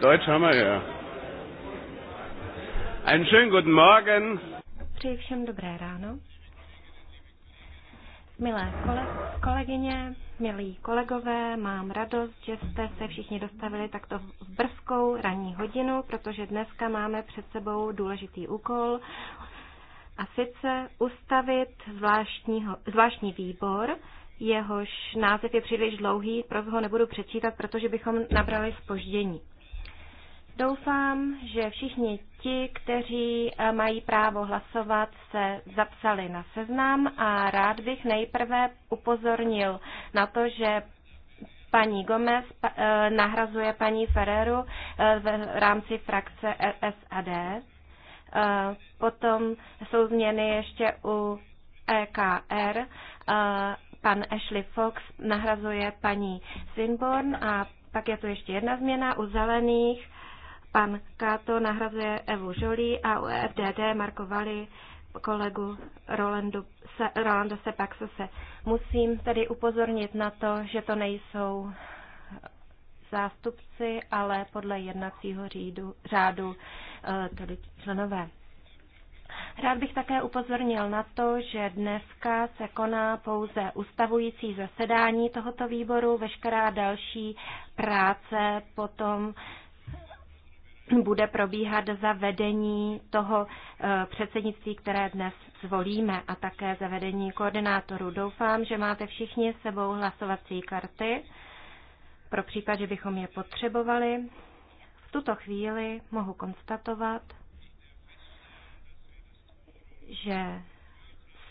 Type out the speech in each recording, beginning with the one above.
Deutsch haben wir ja. Einen schönen guten Morgen. Přeji dobré ráno. Milé kole, kolegyně, milí kolegové, mám radost, že jste se všichni dostavili takto v brzkou ranní hodinu, protože dneska máme před sebou důležitý úkol a sice ustavit zvláštního, zvláštní výbor, jehož název je příliš dlouhý, proto ho nebudu přečítat, protože bychom nabrali spoždění. Doufám, že všichni ti, kteří eh, mají právo hlasovat, se zapsali na seznam a rád bych nejprve upozornil na to, že paní Gomez eh, nahrazuje paní Ferreru eh, v rámci frakce SAD. Potom jsou změny ještě u EKR. Pan Ashley Fox nahrazuje paní Sinborn a pak je tu ještě jedna změna u zelených Pan Káto nahrazuje Evu Žolí a u FDD markovali kolegu Rolandu, se, Rolando Sepaxose. Musím tedy upozornit na to, že to nejsou zástupci, ale podle jednacího řídu, řádu eh, tedy členové. Rád bych také upozornil na to, že dneska se koná pouze ustavující zasedání tohoto výboru, veškerá další práce potom bude probíhat za vedení toho eh, předsednictví, které dnes zvolíme a také za vedení koordinátorů. Doufám, že máte všichni s sebou hlasovací karty pro případ, že bychom je potřebovali. V tuto chvíli mohu konstatovat, že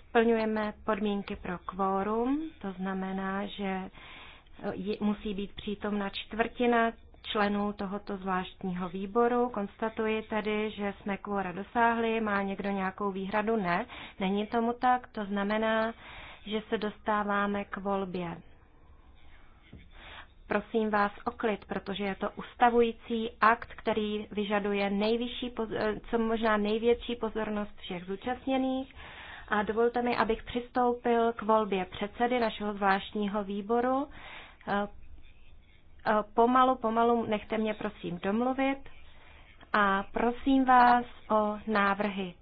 splňujeme podmínky pro kvórum, to znamená, že musí být přítomna čtvrtina členů tohoto zvláštního výboru. Konstatuji tedy, že jsme kvora dosáhli. Má někdo nějakou výhradu? Ne, není tomu tak. To znamená, že se dostáváme k volbě. Prosím vás o klid, protože je to ustavující akt, který vyžaduje nejvyšší, eh, co možná největší pozornost všech zúčastněných. A dovolte mi, abych přistoupil k volbě předsedy našeho zvláštního výboru eh, Eh, pomalu, pomalu nechte mě prosím domluvit a prosím vás o návrhy.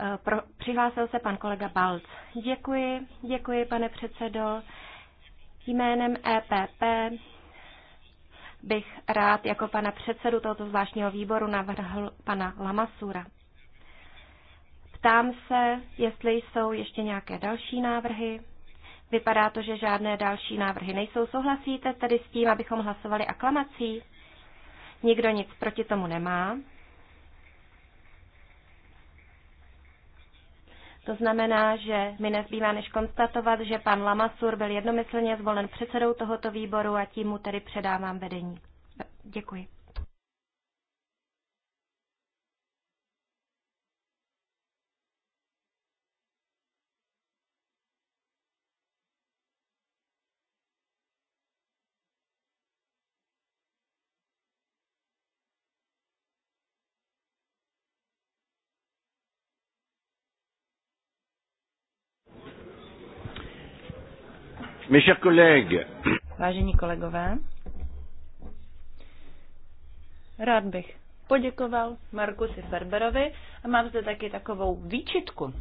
Eh, pro, přihlásil se pan kolega Balc. Děkuji, děkuji pane předsedo. Jménem EPP bych rád jako pana předsedu tohoto zvláštního výboru navrhl pana Lamasura. Ptám se, jestli jsou ještě nějaké další návrhy. Vypadá to, že žádné další návrhy nejsou. Souhlasíte tedy s tím, abychom hlasovali aklamací? Nikdo nic proti tomu nemá. To znamená, že mi nezbývá než konstatovat, že pan Lamasur byl jednomyslně zvolen předsedou tohoto výboru a tím mu tedy předávám vedení. Děkuji. Mes chers collègues. Vážení kolegové, rád bych poděkoval Markusi Ferberovi a mám zde taky takovou výčitku.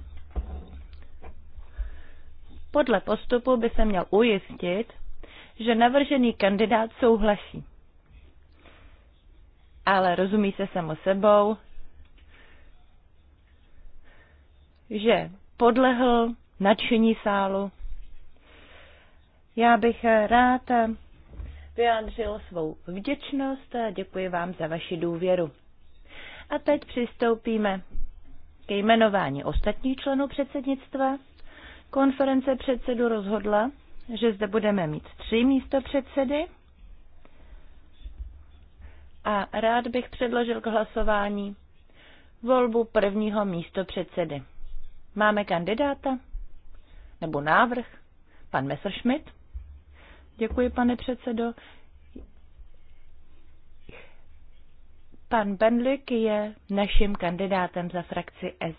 Podle postupu by se měl ujistit, že navržený kandidát souhlasí. Ale rozumí se samo sebou, že podlehl nadšení sálu já bych rád vyjádřil svou vděčnost a děkuji vám za vaši důvěru. A teď přistoupíme ke jmenování ostatních členů předsednictva. Konference předsedu rozhodla, že zde budeme mít tři místo předsedy. A rád bych předložil k hlasování volbu prvního místo předsedy. Máme kandidáta? Nebo návrh? Pan Messerschmidt? Děkuji, pane předsedo. Pan Benlik je naším kandidátem za frakci S.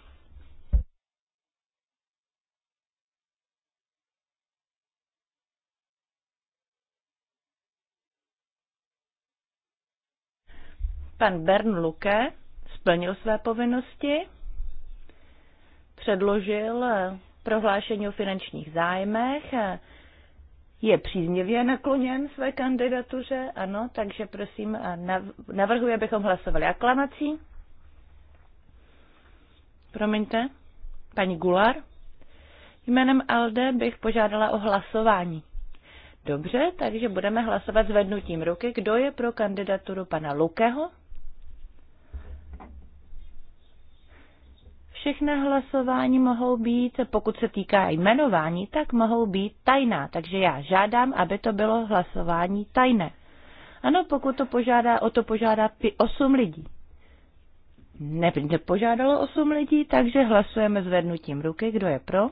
Pan Bern Luke splnil své povinnosti, předložil prohlášení o finančních zájmech, je příznivě nakloněn své kandidatuře, ano, takže prosím, navrhuji, abychom hlasovali aklamací. Promiňte, paní Gular. Jménem Alde bych požádala o hlasování. Dobře, takže budeme hlasovat zvednutím ruky. Kdo je pro kandidaturu pana Lukeho? Všechna hlasování mohou být, pokud se týká jmenování, tak mohou být tajná. Takže já žádám, aby to bylo hlasování tajné. Ano, pokud to požádá, o to požádá 8 lidí. Ne, nepožádalo 8 lidí, takže hlasujeme zvednutím ruky. Kdo je pro?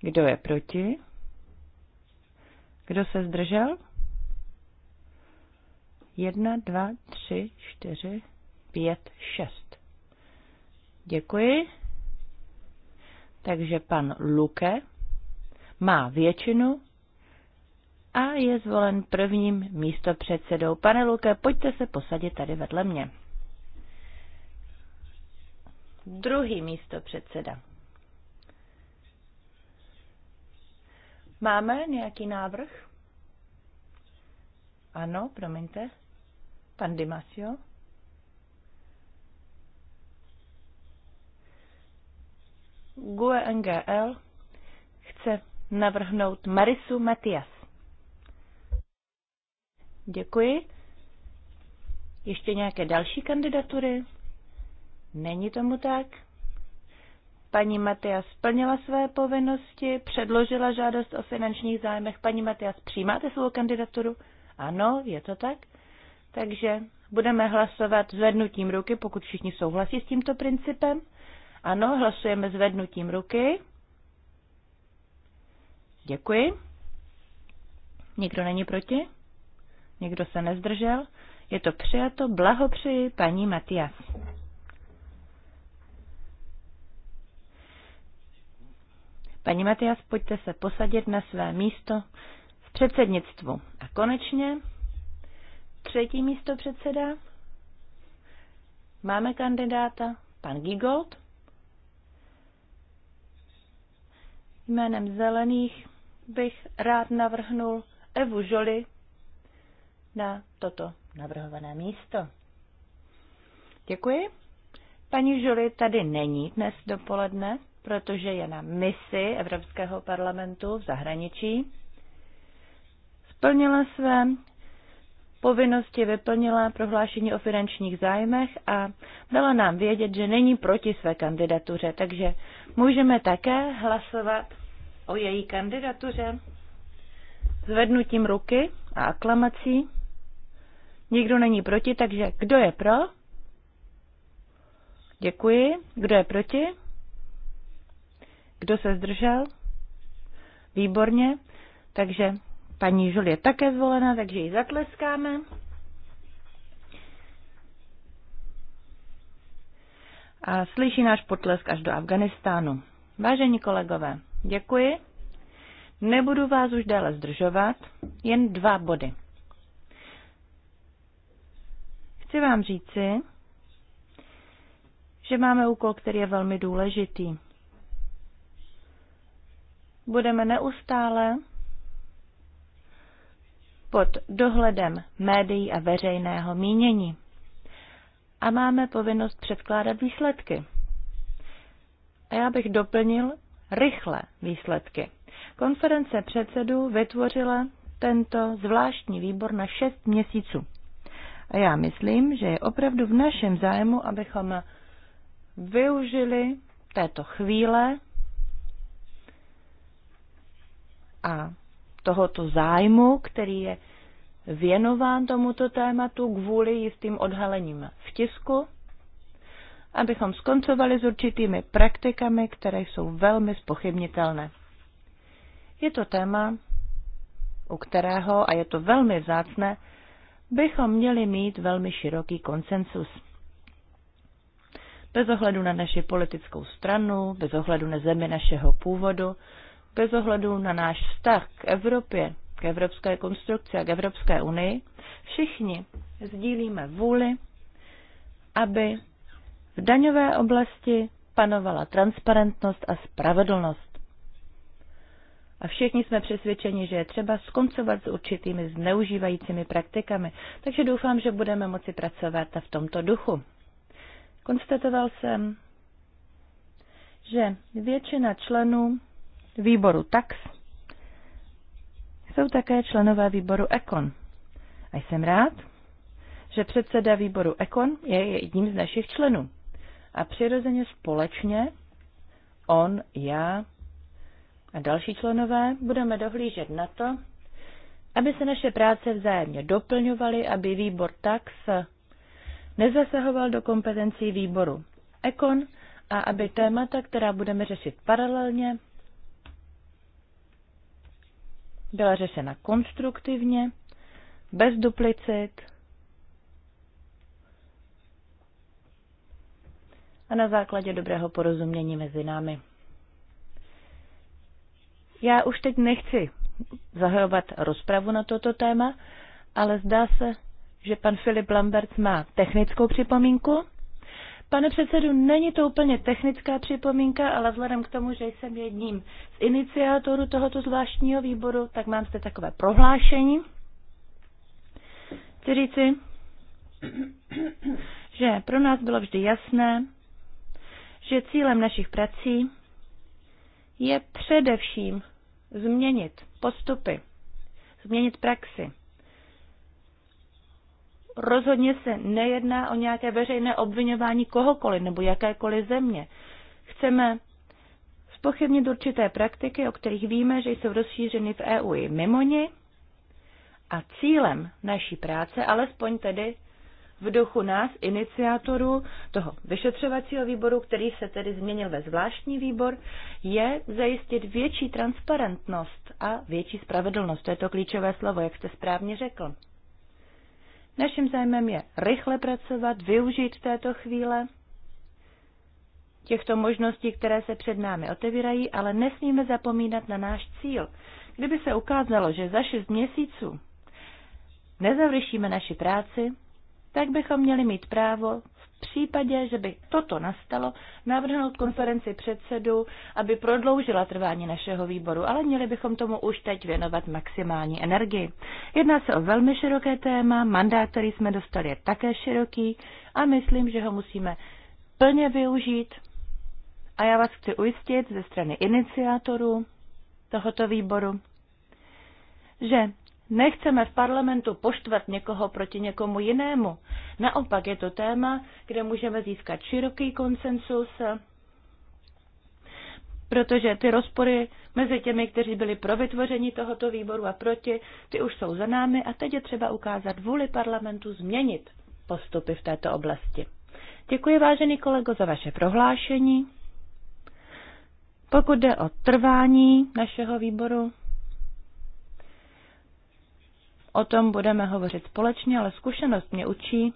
Kdo je proti? Kdo se zdržel? Jedna, dva, tři, čtyři, pět, šest. Děkuji. Takže pan Luke má většinu a je zvolen prvním místopředsedou. Pane Luke, pojďte se posadit tady vedle mě. Druhý místopředseda. Máme nějaký návrh? Ano, promiňte. Pan Dimasio. GUE NGL chce navrhnout Marisu Matias. Děkuji. Ještě nějaké další kandidatury? Není tomu tak? Paní Matias splnila své povinnosti, předložila žádost o finančních zájmech. Paní Matias, přijímáte svou kandidaturu? Ano, je to tak? Takže budeme hlasovat zvednutím ruky, pokud všichni souhlasí s tímto principem. Ano, hlasujeme zvednutím ruky. Děkuji. Nikdo není proti? Nikdo se nezdržel? Je to přijato. Blahopřeji paní Matias. Paní Matias, pojďte se posadit na své místo v předsednictvu. A konečně třetí místo předseda. Máme kandidáta, pan Gigold. Jménem zelených bych rád navrhnul Evu Žoli na toto navrhované místo. Děkuji. Paní Žoli tady není dnes dopoledne, protože je na misi Evropského parlamentu v zahraničí. Splnila své povinnosti, vyplnila prohlášení o finančních zájmech a dala nám vědět, že není proti své kandidatuře, takže můžeme také hlasovat o její kandidatuře zvednutím ruky a aklamací. Nikdo není proti, takže kdo je pro? Děkuji. Kdo je proti? Kdo se zdržel? Výborně. Takže paní Žul je také zvolena, takže ji zatleskáme. A slyší náš potlesk až do Afganistánu. Vážení kolegové, Děkuji. Nebudu vás už dále zdržovat, jen dva body. Chci vám říci, že máme úkol, který je velmi důležitý. Budeme neustále pod dohledem médií a veřejného mínění. A máme povinnost předkládat výsledky. A já bych doplnil, rychle výsledky. Konference předsedů vytvořila tento zvláštní výbor na 6 měsíců. A já myslím, že je opravdu v našem zájmu, abychom využili této chvíle a tohoto zájmu, který je věnován tomuto tématu kvůli jistým odhalením v tisku, abychom skoncovali s určitými praktikami, které jsou velmi spochybnitelné. Je to téma, u kterého, a je to velmi vzácné, bychom měli mít velmi široký konsensus. Bez ohledu na naši politickou stranu, bez ohledu na zemi našeho původu, bez ohledu na náš vztah k Evropě, k evropské konstrukci a k Evropské unii, všichni sdílíme vůli, aby v daňové oblasti panovala transparentnost a spravedlnost. A všichni jsme přesvědčeni, že je třeba skoncovat s určitými zneužívajícími praktikami, takže doufám, že budeme moci pracovat v tomto duchu. Konstatoval jsem, že většina členů výboru tax jsou také členové výboru Ekon. A jsem rád, že předseda výboru Ekon je jedním z našich členů a přirozeně společně on, já a další členové budeme dohlížet na to, aby se naše práce vzájemně doplňovaly, aby výbor tax nezasahoval do kompetencí výboru ekon a aby témata, která budeme řešit paralelně, byla řešena konstruktivně, bez duplicit a na základě dobrého porozumění mezi námi. Já už teď nechci zahajovat rozpravu na toto téma, ale zdá se, že pan Filip Lambert má technickou připomínku. Pane předsedu, není to úplně technická připomínka, ale vzhledem k tomu, že jsem jedním z iniciátorů tohoto zvláštního výboru, tak mám zde takové prohlášení. Chci říci, že pro nás bylo vždy jasné, že cílem našich prací je především změnit postupy, změnit praxi. Rozhodně se nejedná o nějaké veřejné obvinování kohokoliv nebo jakékoliv země. Chceme spochybnit určité praktiky, o kterých víme, že jsou rozšířeny v EU i mimo ni. A cílem naší práce, alespoň tedy v duchu nás, iniciátorů toho vyšetřovacího výboru, který se tedy změnil ve zvláštní výbor, je zajistit větší transparentnost a větší spravedlnost. To je to klíčové slovo, jak jste správně řekl. Naším zájmem je rychle pracovat, využít této chvíle, těchto možností, které se před námi otevírají, ale nesmíme zapomínat na náš cíl. Kdyby se ukázalo, že za šest měsíců nezavršíme naši práci, tak bychom měli mít právo v případě, že by toto nastalo, navrhnout konferenci předsedu, aby prodloužila trvání našeho výboru, ale měli bychom tomu už teď věnovat maximální energii. Jedná se o velmi široké téma, mandát, který jsme dostali, je také široký a myslím, že ho musíme plně využít. A já vás chci ujistit ze strany iniciátorů tohoto výboru, že Nechceme v parlamentu poštvat někoho proti někomu jinému. Naopak je to téma, kde můžeme získat široký konsensus, protože ty rozpory mezi těmi, kteří byli pro vytvoření tohoto výboru a proti, ty už jsou za námi a teď je třeba ukázat vůli parlamentu změnit postupy v této oblasti. Děkuji, vážený kolego, za vaše prohlášení. Pokud jde o trvání našeho výboru, O tom budeme hovořit společně, ale zkušenost mě učí,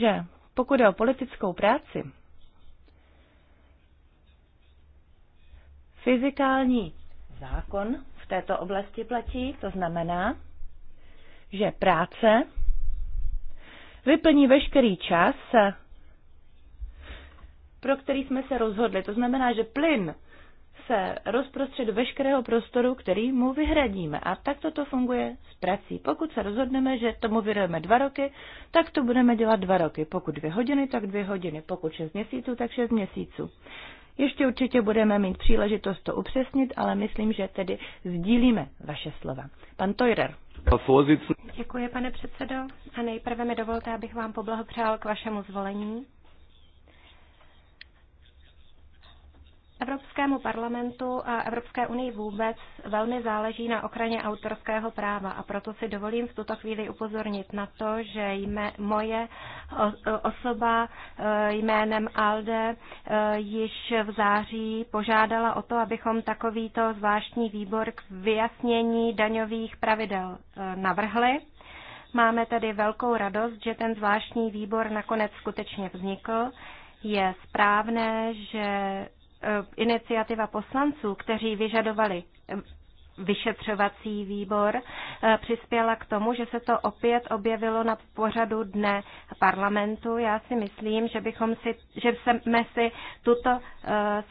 že pokud je o politickou práci, fyzikální zákon v této oblasti platí, to znamená, že práce vyplní veškerý čas, pro který jsme se rozhodli. To znamená, že plyn se rozprostřed veškerého prostoru, který mu vyhradíme. A tak toto funguje s prací. Pokud se rozhodneme, že tomu věnujeme dva roky, tak to budeme dělat dva roky. Pokud dvě hodiny, tak dvě hodiny. Pokud šest měsíců, tak šest měsíců. Ještě určitě budeme mít příležitost to upřesnit, ale myslím, že tedy sdílíme vaše slova. Pan Tojrer. Děkuji, pane předsedo. A nejprve mi dovolte, abych vám poblahopřál k vašemu zvolení. Evropskému parlamentu a Evropské unii vůbec velmi záleží na ochraně autorského práva a proto si dovolím v tuto chvíli upozornit na to, že jme, moje osoba eh, jménem ALDE eh, již v září požádala o to, abychom takovýto zvláštní výbor k vyjasnění daňových pravidel eh, navrhli. Máme tedy velkou radost, že ten zvláštní výbor nakonec skutečně vznikl. Je správné, že Eh, iniciativa poslanců, kteří vyžadovali eh, vyšetřovací výbor, eh, přispěla k tomu, že se to opět objevilo na pořadu dne parlamentu. Já si myslím, že bychom si, že jsme si tuto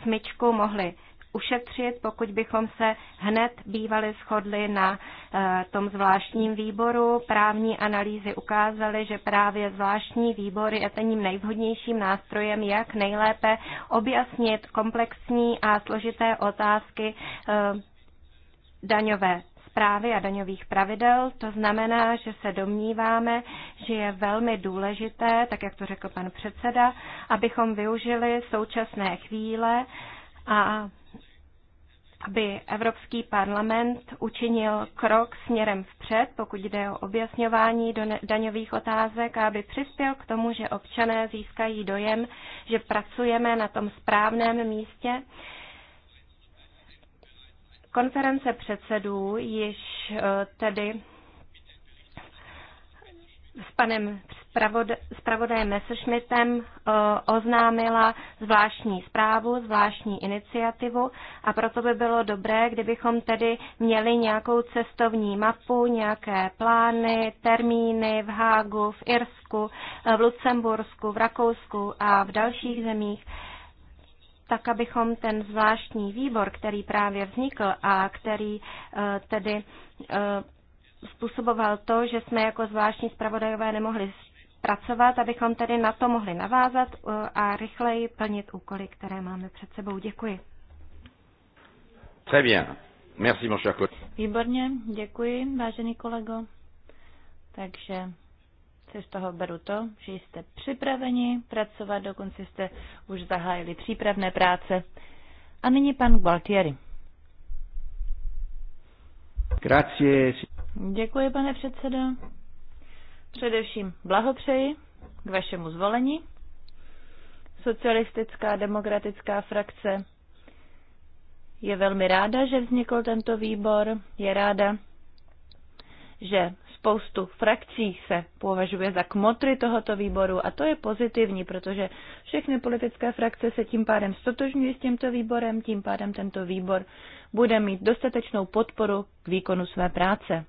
smyčku mohli ušetřit, pokud bychom se hned bývali shodli na eh, tom zvláštním výboru. Právní analýzy ukázaly, že právě zvláštní výbor je tím nejvhodnějším nástrojem, jak nejlépe objasnit komplexní a složité otázky eh, daňové právy a daňových pravidel. To znamená, že se domníváme, že je velmi důležité, tak jak to řekl pan předseda, abychom využili současné chvíle a aby Evropský parlament učinil krok směrem vpřed, pokud jde o objasňování daňových otázek a aby přispěl k tomu, že občané získají dojem, že pracujeme na tom správném místě. Konference předsedů již eh, tedy s panem zpravodajem Messerschmittem eh, oznámila zvláštní zprávu, zvláštní iniciativu a proto by bylo dobré, kdybychom tedy měli nějakou cestovní mapu, nějaké plány, termíny v Hágu, v Irsku, eh, v Lucembursku, v Rakousku a v dalších zemích tak abychom ten zvláštní výbor, který právě vznikl a který eh, tedy způsoboval to, že jsme jako zvláštní zpravodajové nemohli pracovat, abychom tedy na to mohli navázat uh, a rychleji plnit úkoly, které máme před sebou. Děkuji. Très bien. Merci, mon cher Výborně, děkuji, vážený kolego. Takže si z toho beru to, že jste připraveni pracovat, dokonce jste už zahájili přípravné práce. A nyní pan Gualtieri. Grazie. Děkuji, pane předsedo. Především blahopřeji k vašemu zvolení. Socialistická demokratická frakce je velmi ráda, že vznikl tento výbor. Je ráda, že spoustu frakcí se považuje za kmotry tohoto výboru a to je pozitivní, protože všechny politické frakce se tím pádem stotožňují s tímto výborem, tím pádem tento výbor bude mít dostatečnou podporu k výkonu své práce.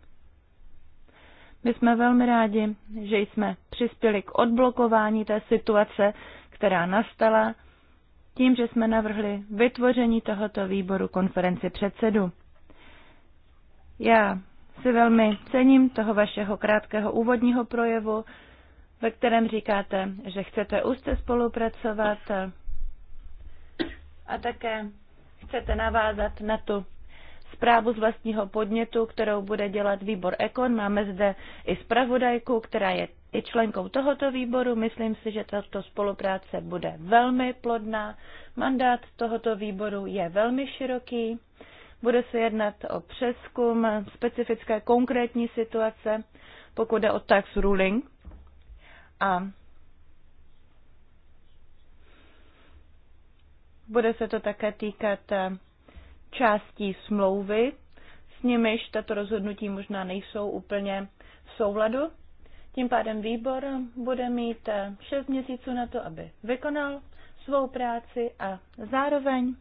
My jsme velmi rádi, že jsme přispěli k odblokování té situace, která nastala tím, že jsme navrhli vytvoření tohoto výboru konferenci předsedu. Já si velmi cením toho vašeho krátkého úvodního projevu, ve kterém říkáte, že chcete úzce spolupracovat a také chcete navázat na tu zprávu z vlastního podnětu, kterou bude dělat výbor Ekon. Máme zde i zpravodajku, která je i členkou tohoto výboru. Myslím si, že tato spolupráce bude velmi plodná. Mandát tohoto výboru je velmi široký. Bude se jednat o přeskum specifické konkrétní situace, pokud jde o tax ruling. A bude se to také týkat částí smlouvy, s nimiž tato rozhodnutí možná nejsou úplně v souladu. Tím pádem výbor bude mít 6 eh, měsíců na to, aby vykonal svou práci a zároveň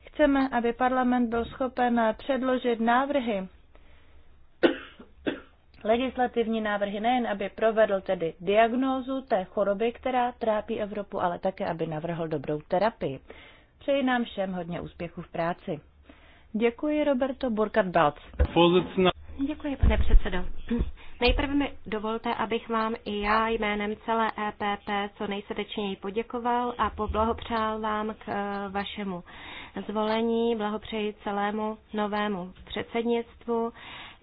chceme, aby parlament byl schopen předložit návrhy, legislativní návrhy, nejen aby provedl tedy diagnózu té choroby, která trápí Evropu, ale také aby navrhl dobrou terapii. Přeji nám všem hodně úspěchů v práci. Děkuji, Roberto Burkhard Balc. Děkuji, pane předsedo. Nejprve mi dovolte, abych vám i já jménem celé EPP co nejsrdečněji poděkoval a poblahopřál vám k eh, vašemu zvolení. Blahopřeji celému novému předsednictvu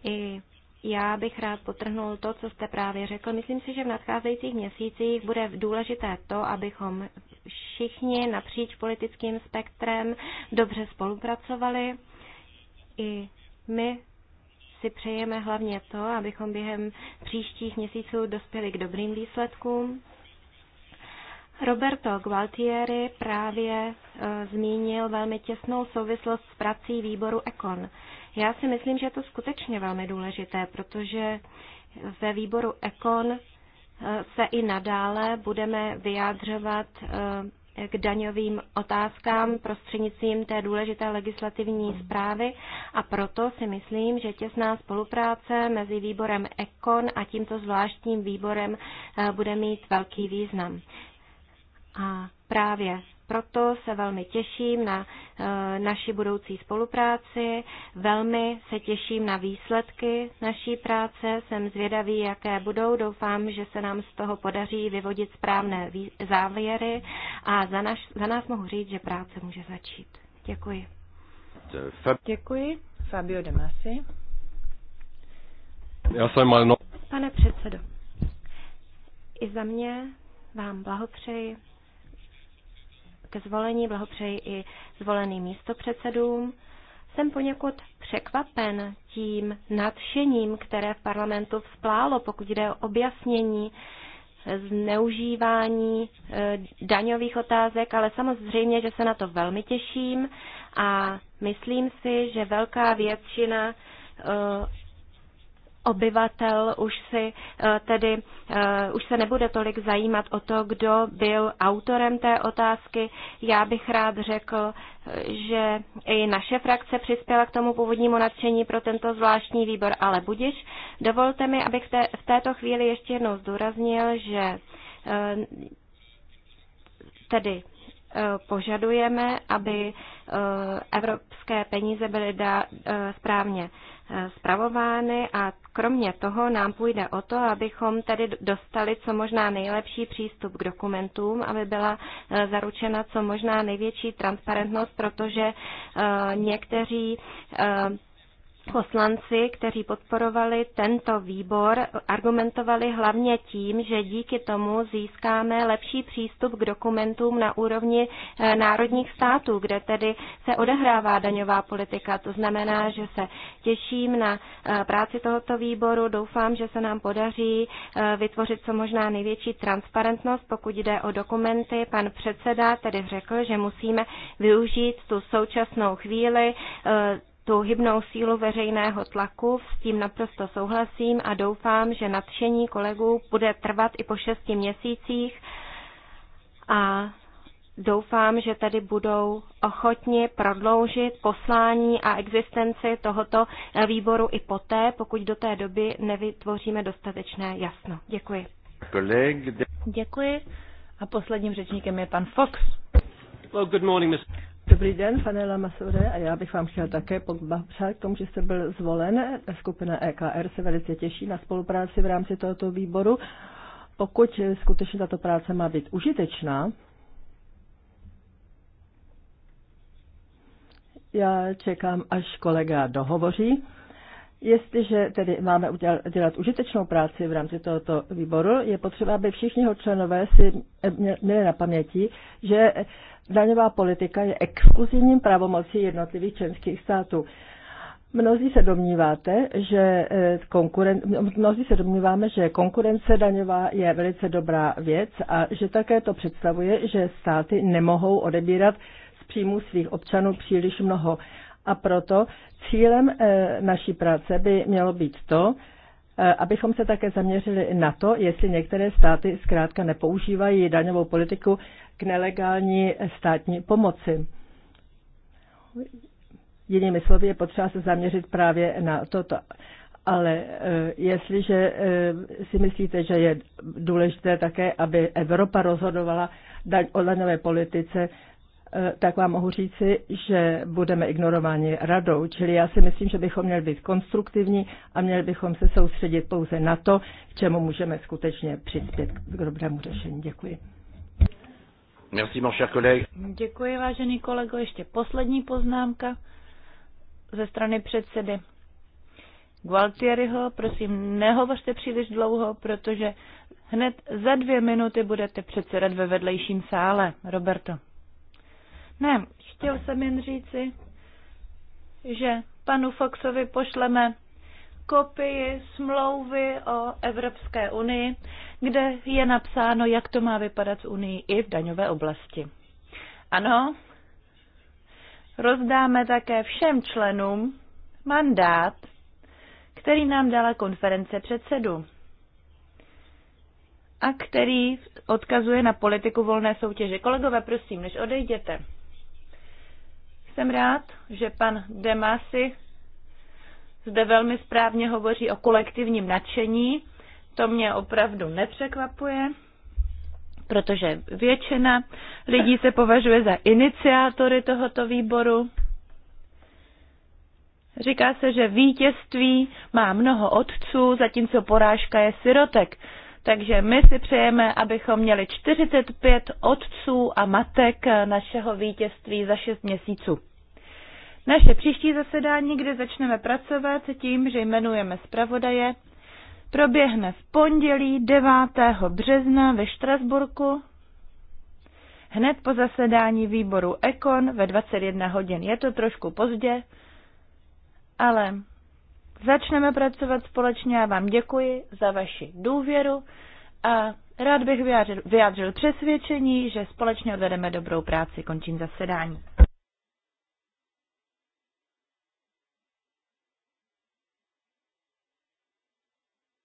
i já bych rád potrhnul to, co jste právě řekl. Myslím si, že v nadcházejících měsících bude důležité to, abychom všichni napříč politickým spektrem dobře spolupracovali. I my si přejeme hlavně to, abychom během příštích měsíců dospěli k dobrým výsledkům. Roberto Gualtieri právě e, zmínil velmi těsnou souvislost s prací výboru Econ. Já si myslím, že je to skutečně velmi důležité, protože ve výboru Econ se i nadále budeme vyjádřovat eh, k daňovým otázkám prostřednictvím té důležité legislativní zprávy a proto si myslím, že těsná spolupráce mezi výborem ECON a tímto zvláštním výborem eh, bude mít velký význam. A právě proto se velmi těším na eh, naši budoucí spolupráci, velmi se těším na výsledky naší práce, jsem zvědavý, jaké budou, doufám, že se nám z toho podaří vyvodit správné závěry a za, naš, za nás mohu říct, že práce může začít. Děkuji. Děkuji. Fabio De Masi. Já jsem Malino. Pane předsedo, i za mě vám blahopřeji ke zvolení, blahopřeji i zvoleným místopředsedům. Jsem poněkud překvapen tím nadšením, které v parlamentu vzplálo, pokud jde o objasnění e, zneužívání e, daňových otázek, ale samozřejmě, že se na to velmi těším a myslím si, že velká většina e, obyvatel už si eh, tedy eh, už se nebude tolik zajímat o to, kdo byl autorem té otázky. Já bych rád řekl, že i naše frakce přispěla k tomu původnímu nadšení pro tento zvláštní výbor, ale budiš. Dovolte mi, abych v této chvíli ještě jednou zdůraznil, že eh, tedy Eh, požadujeme, aby eh, evropské peníze byly eh, správně spravovány a kromě toho nám půjde o to, abychom tedy dostali co možná nejlepší přístup k dokumentům, aby byla zaručena co možná největší transparentnost, protože někteří Poslanci, kteří podporovali tento výbor, argumentovali hlavně tím, že díky tomu získáme lepší přístup k dokumentům na úrovni eh, národních států, kde tedy se odehrává daňová politika. To znamená, že se těším na eh, práci tohoto výboru. Doufám, že se nám podaří eh, vytvořit co možná největší transparentnost, pokud jde o dokumenty. Pan předseda tedy řekl, že musíme využít tu současnou chvíli tu hybnou sílu veřejného tlaku, s tím naprosto souhlasím a doufám, že nadšení kolegů bude trvat i po šesti měsících a doufám, že tady budou ochotni prodloužit poslání a existenci tohoto výboru i poté, pokud do té doby nevytvoříme dostatečné jasno. Děkuji. Děkuji. A posledním řečníkem je pan Fox. Well, good morning, Mr. Dobrý den, pane Lamasure, a já bych vám chtěl také poblahopřát k tomu, že jste byl zvolen. Skupina EKR se velice těší na spolupráci v rámci tohoto výboru. Pokud skutečně tato práce má být užitečná, já čekám, až kolega dohovoří. Jestliže tedy máme udělat, dělat užitečnou práci v rámci tohoto výboru, je potřeba, aby všichni jeho členové si měli na paměti, že daňová politika je exkluzivním pravomocí jednotlivých členských států. Mnozí se domníváte, že eh, konkuren... mnozí se domníváme, že konkurence daňová je velice dobrá věc a že také to představuje, že státy nemohou odebírat z příjmů svých občanů příliš mnoho. A proto cílem eh, naší práce by mělo být to, Eh, abychom se také zaměřili na to, jestli některé státy zkrátka nepoužívají daňovou politiku k nelegální eh, státní pomoci. Jinými slovy, je potřeba se zaměřit právě na toto. Ale eh, jestliže si myslíte, že je důležité také, aby Evropa rozhodovala o daňové politice, Eh, tak vám mohu říci, že budeme ignorováni radou. Čili já si myslím, že bychom měli být konstruktivní a měli bychom se soustředit pouze na to, k čemu můžeme skutečně přispět k dobrému řešení. Děkuji. Merci, mon cher collègue. Děkuji, vážený kolego. Ještě poslední poznámka ze strany předsedy Gualtieriho. Prosím, nehovořte příliš dlouho, protože hned za dvě minuty budete předsedat ve vedlejším sále. Roberto. Ne, chtěl jsem jen říci, že panu Foxovi pošleme kopii smlouvy o Evropské unii, kde je napsáno, jak to má vypadat z unii i v daňové oblasti. Ano, rozdáme také všem členům mandát, který nám dala konference předsedu a který odkazuje na politiku volné soutěže. Kolegové, prosím, než odejděte, jsem rád, že pan Demasi zde velmi správně hovoří o kolektivním nadšení. To mě opravdu nepřekvapuje, protože většina lidí se považuje za iniciátory tohoto výboru. Říká se, že vítězství má mnoho otců, zatímco porážka je sirotek. Takže my si přejeme, abychom měli 45 otců a matek našeho vítězství za 6 měsíců. Naše příští zasedání, kde začneme pracovat tím, že jmenujeme zpravodaje, proběhne v pondělí 9. března ve Štrasburku hned po zasedání výboru Ekon ve 21 hodin. Je to trošku pozdě, ale začneme pracovat společně. Já vám děkuji za vaši důvěru a rád bych vyjádřil, vyjádřil přesvědčení, že společně odvedeme dobrou práci. Končím zasedání.